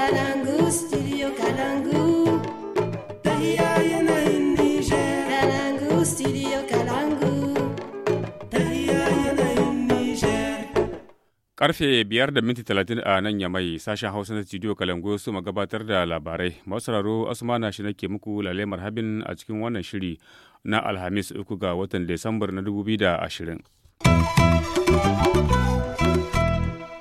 Kalangu. Karfe biyar da minti talatin a nan yamai sashen Hausa na studio Kalangu su gabatar da labarai. Masararo Asmana shi nake muku lalemar habin a cikin wannan shiri na Alhamis uku ga watan Desambar na da ashirin.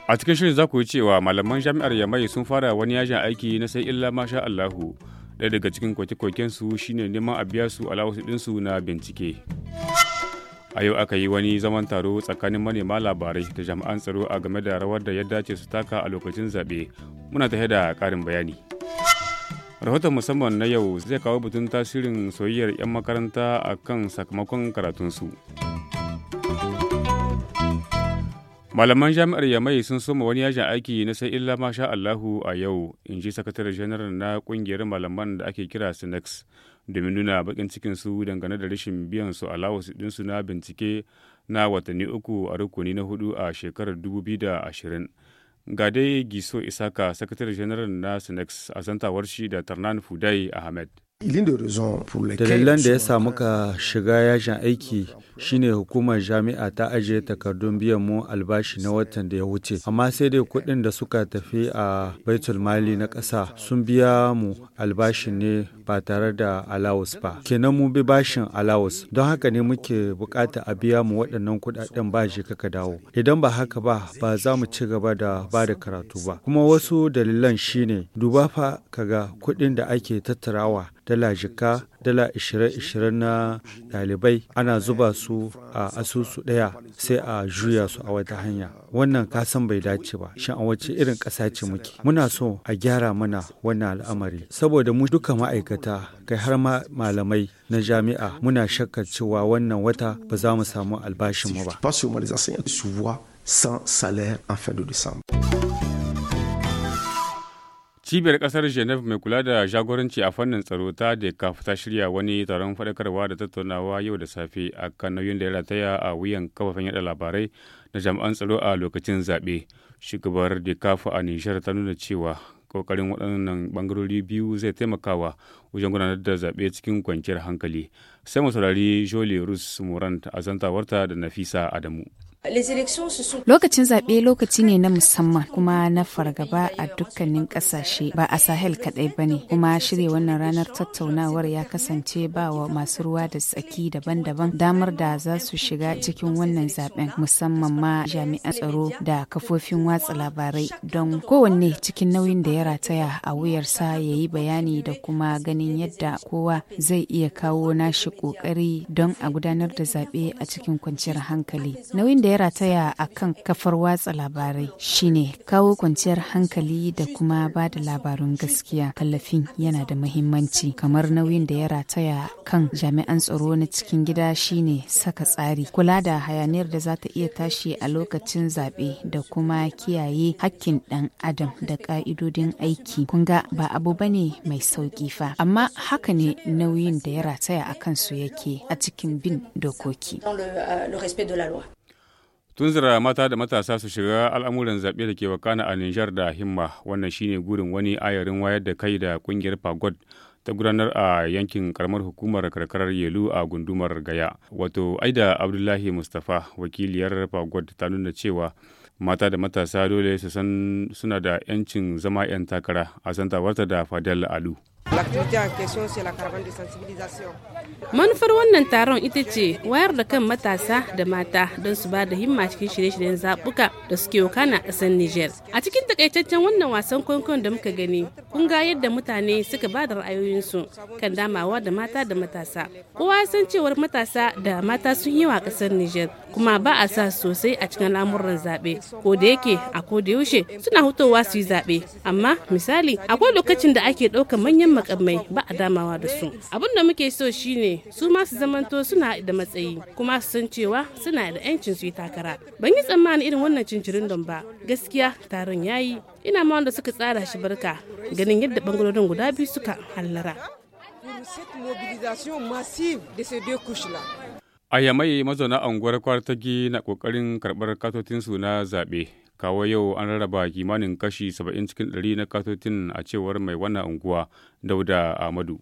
A cikin shirin za ku yi cewa malaman jami'ar Yamai sun fara wani yajin aiki na sai illa masha Allahu. Ɗaya daga cikin kwake-kwaken su shine neman a biya su alawasu ɗinsu na bincike. A yau aka yi wani zaman taro tsakanin manema labarai da jami'an tsaro a game da rawar da ya dace su taka a lokacin zaɓe. Muna tafe da ƙarin bayani. Rahoton musamman na yau zai kawo batun tasirin soyayyar 'yan makaranta a kan sakamakon karatunsu. Malaman jami'ar Yamai sun soma wani yajin aiki na sai illa masha Allahu a yau, in ji sakataren janar na kungiyar malaman da ake kira Sinex domin nuna bakin cikin su dangane da rashin biyan su allowance ɗinsu na bincike na watanni uku a rukuni na hudu a shekarar 2020. Ga dai Giso Isaka, sakataren janar na Sinex a santawar shi da Tarnan Fudai Ahmed. Dalilan da ya samu ka shiga yajin aiki shine hukumar jami'a ta ajiye takardun biyan mu albashi na watan da ya wuce amma sai dai kuɗin da suka tafi a baitul mali na ƙasa sun biya mu albashi ne ba tare da alawus ba kenan mu bi bashin alawus don haka ne muke buƙata a biya mu waɗannan kuɗaɗen ba shi kaka dawo idan ba haka ba ba za mu ci gaba da ba da karatu ba kuma wasu dalilan shine duba fa kaga kuɗin da ake tattarawa dala jika dala ishirin-ishirin na ɗalibai ana zuba su a asusu ɗaya sai a juya su a wata hanya wannan kasan bai dace ba shin a wace irin ƙasa ce muke muna so a gyara mana wannan al'amari saboda mu duka ma'aikata kai har ma malamai na jami'a muna shakkar cewa wannan wata ba za mu samu albashin mu ba. Sans salaire en fin de décembre. Cibiyar ƙasar Geneva mai kula da jagoranci a fannin tsaro ta DECAF ta shirya wani taron faɗakarwa da tattaunawa yau da safe a kan nauyin da ya rataya a wuyan kafafen yada labarai na jami'an tsaro a lokacin zaɓe. Shugabar DECAF a Nijar ta nuna cewa ƙoƙarin waɗannan ɓangarori biyu zai taimakawa wajen gudanar da zaɓe cikin kwanciyar hankali. Sai mu saurari Jolie Rus Morant a zantawarta da Nafisa Adamu. Lokacin zaɓe lokaci ne na musamman kuma na fargaba a dukkanin ƙasashe ba a Sahel kaɗai ba ne kuma shirya wannan ranar tattaunawar ya kasance ba wa masu ruwa da tsaki daban-daban damar da za su shiga cikin wannan zaɓen musamman ma jami'an tsaro da kafofin watsa labarai don kowanne cikin nauyin da ya rataya a wuyarsa ya yi bayani da kuma ganin yadda kowa zai iya kawo nashi ƙoƙari don a gudanar da zaɓe a cikin kwanciyar hankali. Nauyin da da ya rataya a kan kafar watsa labarai shine kawo kwanciyar hankali da kuma ba da labarun gaskiya tallafin yana da mahimmanci kamar nauyin da ya rataya kan jami'an tsaro na cikin gida shine saka tsari kula da hayaniyar da za ta iya tashi a lokacin zaɓe da kuma kiyaye hakkin ɗan adam da ƙa'idodin aiki kun ga ba abu ba ne mai sauƙi fa amma haka ne nauyin da ya rataya a kansu yake a cikin bin dokoki. tunzura mata da matasa su shiga al'amuran zaɓe da ke wakana a Nijar da himma wannan shine gurin wani ayarin wayar da kai da ƙungiyar Pagod ta gudanar a yankin karamar hukumar karkarar Yelu a gundumar Gaya. Wato Aida Abdullahi Mustapha wakiliyar Pagod ta nuna cewa mata da matasa dole su san suna da 'yancin zama 'yan takara a santawarta da Fadel Alu. Manufar wannan taron ita ce wayar da kan matasa da mata don su ba da himma cikin shirye-shiryen zaɓuka da suke wakana a ƙasar Nijar. A cikin takaitaccen wannan wasan kwaikwayon da muka gani kun ga yadda mutane suka ba da ra'ayoyinsu kan damawa da mata da matasa kowa san cewar matasa da mata sun yi wa kasar niger kuma ba a sa sosai a cikin lamuran zaɓe ko da yake a ko da yaushe suna hutowa su yi zaɓe amma misali akwai lokacin da ake ɗaukar manyan makamai ba a damawa da su abin da muke so shine su ma su zamanto suna da matsayi kuma su san cewa suna da 'yancin su yi takara ban yi tsammanin irin wannan cincirin don ba gaskiya taron yayi yi ina ma wanda suka tsara shi barka ganin yadda bangarorin guda biyu suka hallara a yamai mazauna unguwar kwartagi na kokarin karbar su na zabe kawo yau an rarraba kimanin kashi 70 cikin 100 na katotin a cewar mai wannan unguwa dauda amadu.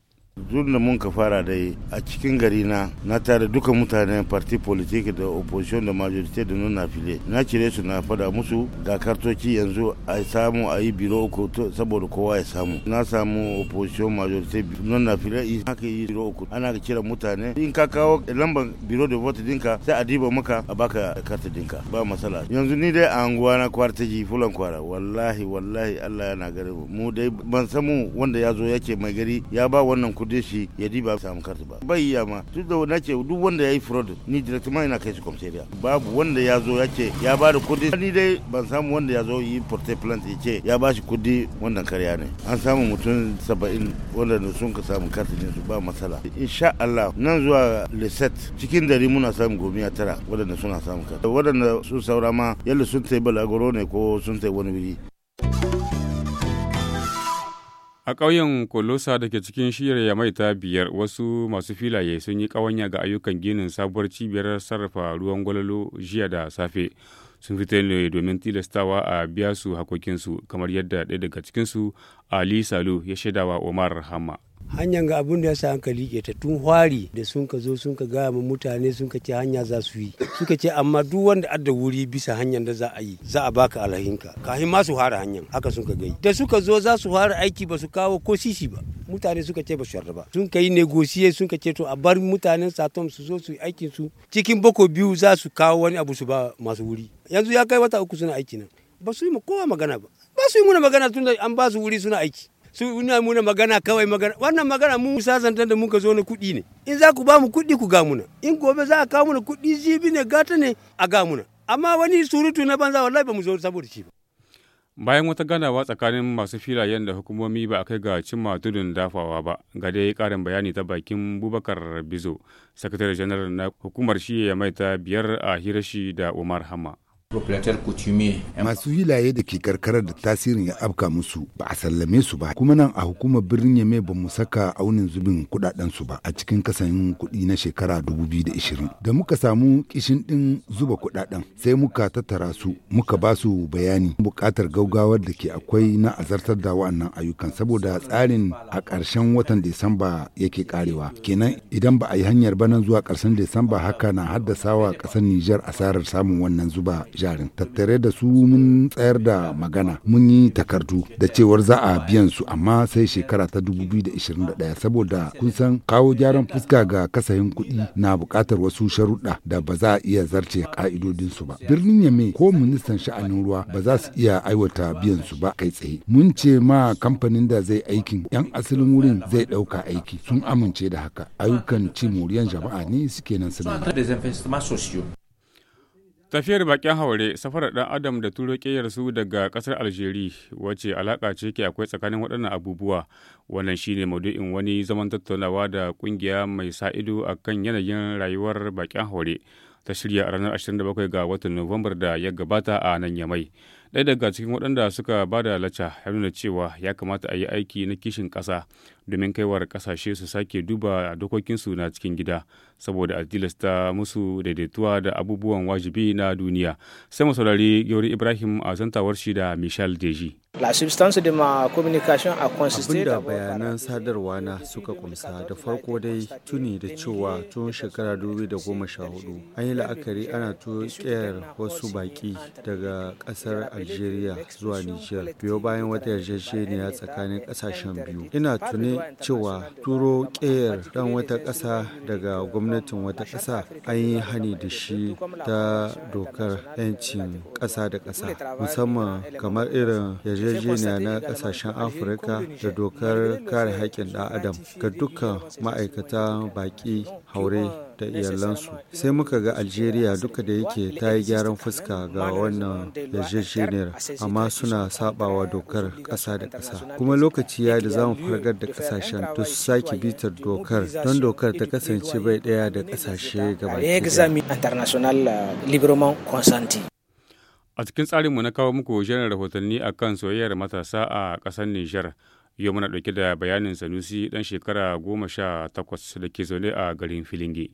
Duk da mun ka fara dai a cikin gari na na tare duka mutanen parti politik da opposition da majorite da nuna file na cire su na fada musu ga kartoci yanzu a samu a yi biro uku saboda kowa ya samu na samu opposition majorite nuna file haka yi biro uku ana kira mutane in ka kawo lambar biro da vote dinka sai a diba maka a baka karta dinka ba matsala yanzu ni dai a anguwa na kwartaji fulan kwara wallahi wallahi Allah yana gare mu mu dai ban samu wanda ya zo yake mai gari ya ba wannan kudi kudin shi ya diba samu karta ba bai iya ma duk da na ce duk wanda ya yi fraud ni directement ina kai shi komisariya babu wanda ya zo ya ce ya ba da kudi ni dai ban samu wanda ya zo yi porte plant ya ce ya ba shi kudi wannan karya ne an samu mutum saba'in wanda sun ka samu karti su ba matsala insha Allah nan zuwa leset cikin dari muna gomi a tara wadanda suna samu karta wadanda sun saura ma yalla sun tai balagoro ne ko sun tai wani wuri A ƙauyen Kolosa da ke cikin shirya mai ta biyar wasu masu filaye sun yi ƙawanya ga ayyukan ginin sabuwar cibiyar sarrafa ruwan gwalolo jiya da safe. Sun fi ne domin tilastawa a biya su hakokinsu kamar yadda ɗaya daga cikinsu Ali Salu ya shaidawa Omar Hama. hanyar ga abin da ya sa hankali ke ta tun hwari da sun ka zo sun ka gaya ma mutane sun ka ce hanya za su yi suka ce amma duk wanda adda wuri bisa hanyar da za a yi za a baka alahinka. kafin ma su fara hanyar haka sun ka gai da suka zo za su fara aiki ba su kawo ko sisi ba mutane suka ce ba su yarda ba sun ka yi negosiye sun ka ce to a bar mutanen satom su zo su yi aikin su cikin bako biyu za su kawo wani abu su ba masu wuri yanzu ya kai wata uku suna aiki nan ba su yi ma kowa magana ba ba su yi muna magana tun da an ba su wuri suna aiki su ina muna magana kawai magana wannan magana mu sasanta da muka zo na kuɗi ne in za ku ba mu kuɗi ku ga muna in gobe za a kawo muna kuɗi jibi ne gata ne a ga muna amma wani surutu na banza wallahi ba mu zo saboda shi ba bayan wata ganawa tsakanin masu filayen da hukumomi ba a kai ga cimma tudun dafawa ba ga dai karin bayani ta bakin bubakar bizo sakatare janar na hukumar shi ya maita biyar a hirashi da umar hama Masu hilaye da ke karkarar da tasirin ya afka musu ba a sallame su ba kuma nan a hukumar birnin Yame ba mu saka aunin zubin kudaden su ba a cikin kasayin kuɗi na shekara 2020. Da muka samu kishin ɗin zuba kudaden sai muka tattara su muka ba su bayani bukatar gaugawar da ke akwai na azartar da wa'annan ayyukan saboda tsarin a karshen watan Disamba yake karewa. Kenan idan ba a yi hanyar ba zuwa karshen Disamba haka na haddasa wa ƙasar Nijar asarar samun wannan zuba jarin tattare da su mun tsayar da magana mun yi takardu da cewar za a biyan su amma sai shekara ta 2021 saboda kun san kawo gyaran fuska ga kasahin kuɗi na buƙatar wasu sharuɗa da ba za a iya zarce ka'idodin su ba birnin yame ko ministan sha'anin ruwa ba za su iya aiwata biyan su ba kai tsaye mun ce ma kamfanin da zai aikin yan asalin wurin zai ɗauka aiki sun amince da haka ayyukan ci moriyan jama'a ne suke nan suna Tafiyar bakin haure safarar ɗan adam da turo su daga ƙasar Aljeri wace alaƙa ce ke akwai tsakanin waɗannan abubuwa wannan shine maudu'in wani zaman tattaunawa da ƙungiya mai sa ido a yanayin rayuwar bakin haure ta shirya ranar 27 ga watan Nuwambar da ya gabata a nan Yamai. ɗaya daga cikin waɗanda suka ba da lacca ya nuna cewa ya kamata a yi aiki na kishin ƙasa domin kaiwar ƙasashe su sake duba dokokinsu na cikin gida saboda a tilasta musu daidaituwa da abubuwan wajibi na duniya sai mu saurari yori ibrahim a zantawar shi da michel deji La substance de ma communication a consisté da bayanan sadarwa na suka kumsa da farko dai tuni da cewa tun shekara 2014 an yi la'akari ana tuƙiyar wasu baki daga ƙasar Algeria zuwa Nijar biyo bayan wata yarjejeniya tsakanin kasashen biyu. Ina tuni cewa turo ƙeyar ɗan wata ƙasa daga gwamnatin wata ƙasa an yi hani da shi ta dokar 'yancin ƙasa da ƙasa musamman kamar irin yarjejeniya na ƙasashen Afirka da dokar kare haƙƙin ɗan adam ga dukkan ma'aikata baƙi haure da iyalansu sai muka ga algeria duka da yake ta yi gyaran fuska ga wannan yarjejeniyar amma suna sabawa dokar kasa da kasa kuma lokaci ya da zamu fargar da ƙasashen to su sake bitar dokar don dokar ta kasance bai daya da ƙasashe gaba euh, a cikin tsarinmu na kawo muku jerin rahotanni a kan soyayyar matasa a ƙasar nijar yau muna ɗauke da bayanin sanusi ɗan shekara goma sha takwas da ke zaune a garin filinge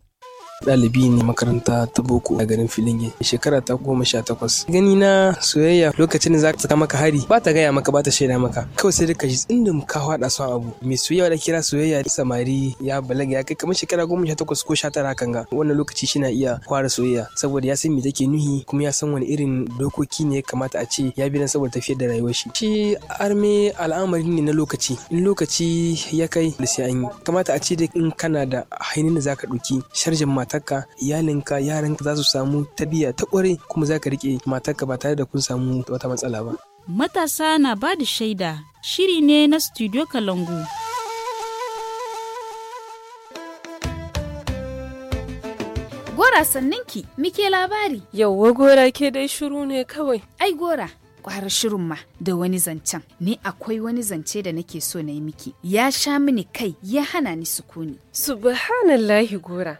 ɗalibi ne makaranta ta boko a garin filinge shekara ta goma sha takwas gani na soyayya lokacin da za saka maka hari ba ta gaya maka ba ta shaida maka kawai sai ka ji tsindin ka haɗa son abu mai soyayya da kira soyayya samari ya balaga ya kai kamar shekara goma sha takwas ko sha tara kan ga wannan lokaci shi na iya fara soyayya saboda ya san me take nuhi kuma ya san wani irin dokoki ne ya kamata a ce ya bi na saboda tafiyar da rayuwar shi shi arme al'amari ne na lokaci in lokaci ya kai da sai an yi kamata a ce dai in kana da hainin da zaka ɗauki sharjin ma matarka iyalinka yaranka za su samu tabiya ta kware kuma za ka rike matarka ba tare da kun samu wata matsala ba. Matasa na ba da shaida shiri ne na Studio Kalangu. Gora sanninki, muke labari. Yawwa gora ke dai shiru ne kawai. Ai gora, kwara shirin ma da wani zancen ni akwai wani zance da nake so na yi miki ya sha mini kai ya hana ni sukuni subhanallahi gora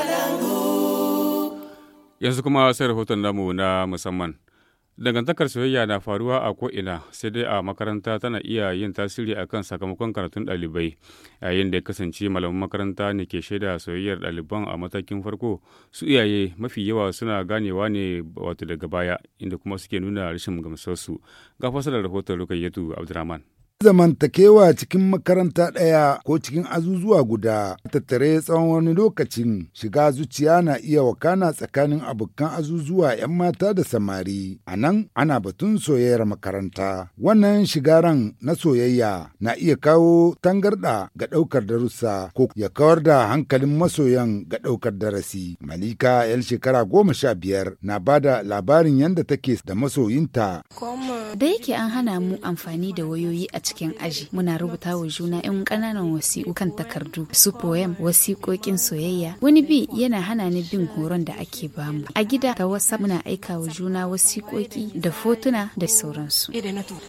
Yanzu kuma sai rahoton namu na musamman. Dangantakar soyayya na faruwa a ko'ina sai dai a makaranta tana iya yin tasiri a kan sakamakon karatun ɗalibai yayin da ya kasance malaman makaranta ne ke shaida soyayyar ɗaliban a matakin farko su iyaye mafi yawa suna ganewa ne wato daga baya inda kuma suke nuna rashin gamsarsu ga fasalar rahoton rukayyatu abdurrahman zamantakewa cikin makaranta ɗaya ko cikin azuzuwa guda tattare tsawon wani lokacin shiga zuciya na iya wakana tsakanin abokan azuzuwa 'yan mata da samari a nan ana batun soyayyar makaranta wannan shigaran na soyayya na iya kawo tangarɗa ga ɗaukar darussa ko ya kawar da hankalin masoyan ga ɗaukar darasi malika 'yan shekara goma sha biyar na ba da labarin yadda take da masoyinta da yake an hana mu amfani da wayoyi a cikin aji muna rubuta wa juna yan kananan wasiƙu kan takardu su poem wasiƙoƙin soyayya wani bi yana hana ni bin horon da ake bamu a gida ta wasa muna aika wa juna wasiƙoƙi da fotuna da sauransu.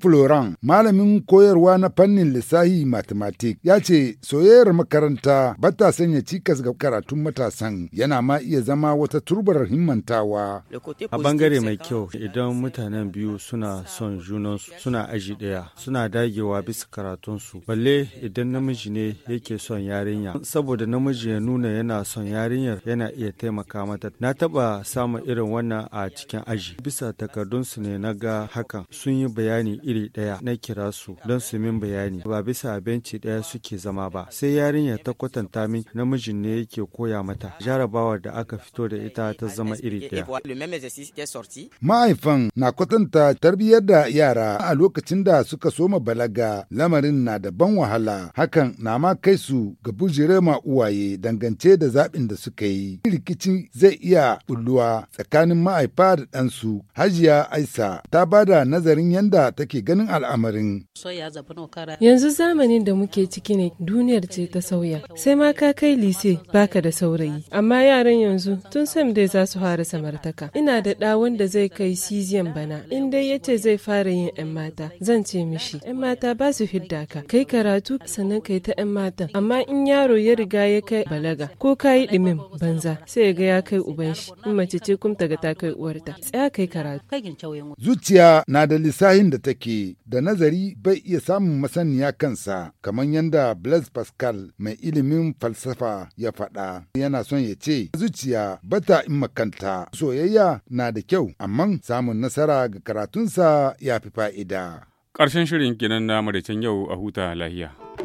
florent malamin koyarwa na fannin lissahi mathematic ya ce soyayyar makaranta ba ta sanya cikas ga karatun matasan yana ma iya zama wata turbar himmantawa. A bangare mai kyau idan mutanen biyu suna son junansu suna aji ɗaya suna dagewa ganewa bisa karatunsu balle idan namiji ne yake son yarinya saboda namiji ya nuna yana son yarinyar yana iya taimaka mata na taba samun irin wannan a cikin aji bisa takardunsu ne na ga hakan sun yi bayani iri ɗaya na kira su don su min bayani ba bisa benci ɗaya suke zama ba sai yarinyar ta kwatanta min namijin ne yake koya mata jarabawar da aka fito da ita ta zama iri ɗaya ma'aifan na kwatanta tarbiyyar da yara a lokacin da suka soma balaga ga lamarin na da ban wahala hakan na ma kai su ga bujire ma uwaye dangance da zaɓin da suka yi rikici zai iya bulluwa tsakanin ma'aifa da ɗansu hajiya aisa ta bada nazarin yanda take ganin al'amarin yanzu zamanin da muke ciki ne duniyar ce ta sauya sai ma ka kai lise baka da saurayi amma yaran yanzu tun sam dai za su fara samartaka ina da ɗa wanda zai kai siziyan bana in dai ce zai fara yin 'yan mata zan ce mishi 'yan mata ba su hidda ka kai karatu sannan kai ta 'yan matan amma in yaro ya riga ya kai balaga ko ka yi ɗimin banza sai ga ya kai uban shi in mace ce kuma taga ga ta kai uwarta tsaya kai karatu. Zuciya na da lissahin da take da nazari bai iya samun masaniya kansa kamar yadda Blaise Pascal mai ilimin falsafa ya faɗa yana son ya ce zuciya bata in makanta soyayya na da kyau amma samun nasara ga karatunsa ya fi fa'ida. Ƙarshen shirin kenan na maraicen yau a huta lahiya.